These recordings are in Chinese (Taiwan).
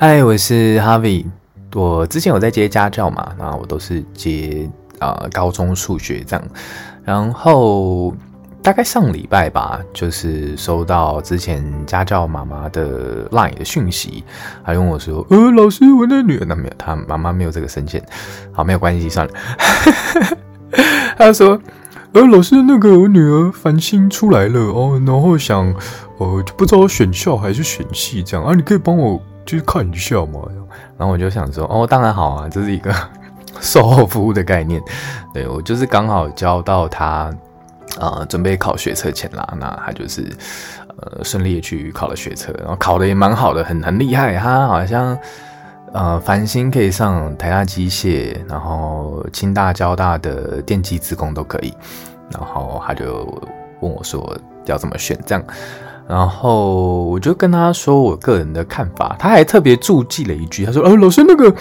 嗨，我是 Harvie。我之前有在接家教嘛，然後我都是接啊、呃、高中數學這樣。然後大概上禮拜吧，就是收到之前家教媽媽的 line 的訊息，她跟我說：“呃，老師，我那女兒……”那、啊、沒有，她媽媽沒有這個權限。好，沒有關係，算了。他 說：“呃，老師，那個我女兒繁星出來了哦，然後想，呃，就不知道選校還是選系這樣啊，你可以幫我。”去看一下嘛，然後我就想說，哦，當然好啊，這是一個售後服務的概念。對，我就是剛好教到他，呃，準備考學測前啦。那他就是呃，順利去考了學測，然後考得也蠻好的，很很厲害。他好像呃，繁星可以上台大機械，然後清大、交大的電機、資工都可以。然後他就問我說，要怎麼選？這樣。然後我就跟他說我個人的看法，他還特別注記了一句，他說：“呃，老師那個，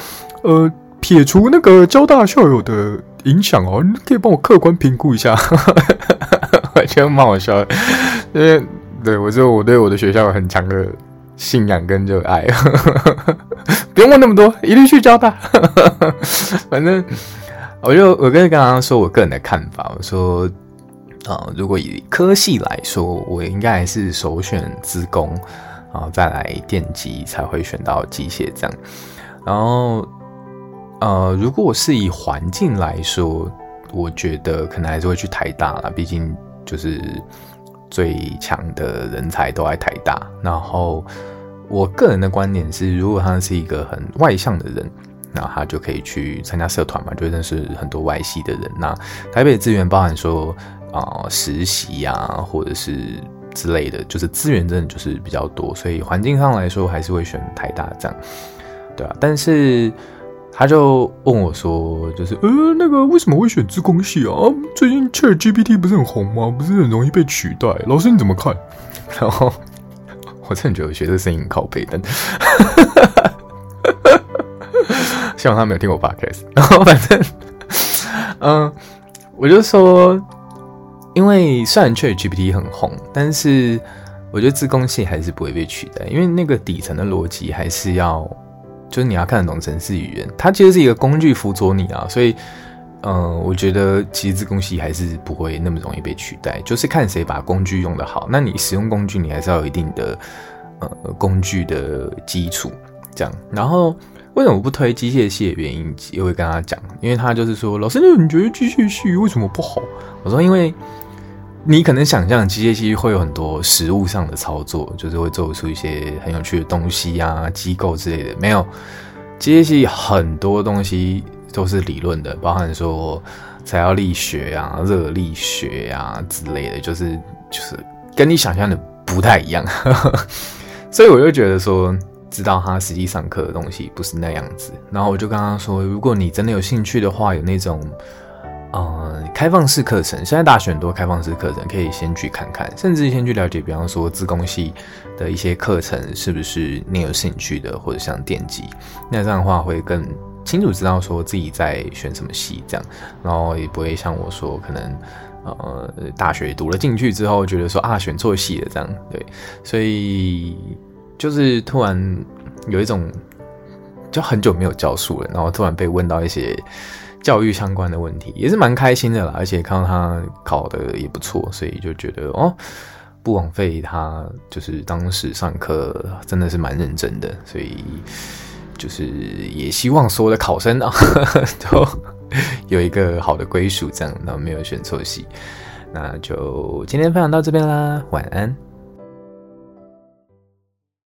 呃，撇除那個交大校友的影響哦，你可以幫我客觀評估一下。 ”我覺得蠻好笑的，因為對我就我對我的學校有很強的信仰跟熱愛， 不用問那麼多，一律去交大。 反正我就我跟你剛剛說我個人的看法，我說。呃，如果以科系來說，我應該還是首選資工，然後再來電機才會選到機械這樣。然後，呃，如果我是以環境來說，我覺得可能還是會去台大啦，畢竟就是最強的人才都在台大。然後，我個人的觀點是，如果他是一個很外向的人，那他就可以去參加社團嘛，就會認識很多外系的人。那台北資源包含說。啊、呃，實習呀、啊，或者是之類的，就是資源真的就是比較多，所以環境上來說還是會選台大這樣，對啊，但是他就問我說，就是呃，那個為什麼會選資工系啊？最近 ChatGPT 不是很紅嗎？不是很容易被取代？老師你怎麼看？然後我真的覺得我學生聲音靠北，但， 希望他沒有聽我發 case。然後反正，嗯，我就說。因為雖然 ChatGPT 很紅，但是我覺得資工系還是不會被取代，因為那個底層的邏輯還是要，就是你要看得懂程式語言，它其實是一個工具輔佐你啊，所以，呃，我覺得其實資工系還是不會那麼容易被取代，就是看誰把工具用得好。那你使用工具，你還是要有一定的呃工具的基礎，這樣。然後為什麼不推機械系的原因，也會跟他講，因為他就是說老師，你覺得機械系為什麼不好？我說因為。你可能想象，機械系會有很多實物上的操作，就是會做出一些很有趣的東西呀、啊、機構之類的。沒有，機械系很多東西都是理論的，包含說材料力學呀、啊、熱力學呀、啊、之類的，就是就是跟你想象的不太一樣。 所以我就覺得說，知道他實際上課的東西不是那樣子。然後我就跟他說，如果你真的有興趣的話，有那種。呃，開放式課程，現在大學很多開放式課程，可以先去看看，甚至先去了解，比方說資工系的一些課程是不是你有興趣的，或者像電機，那這樣的話會更清楚知道說自己在選什麼系這樣，然後也不會像我說可能，呃，大學讀了進去之後覺得說啊選錯系了這樣，對，所以就是突然有一種就很久沒有教書了，然後突然被問到一些。教育相關的問題也是蠻開心的啦，而且看到他考得也不錯，所以就覺得哦，不枉費他就是當時上課真的是蠻認真的，所以就是也希望所有的考生，啊呵呵，都有一個好的歸屬，這樣然後沒有選錯系，那就今天分享到這邊啦，晚安。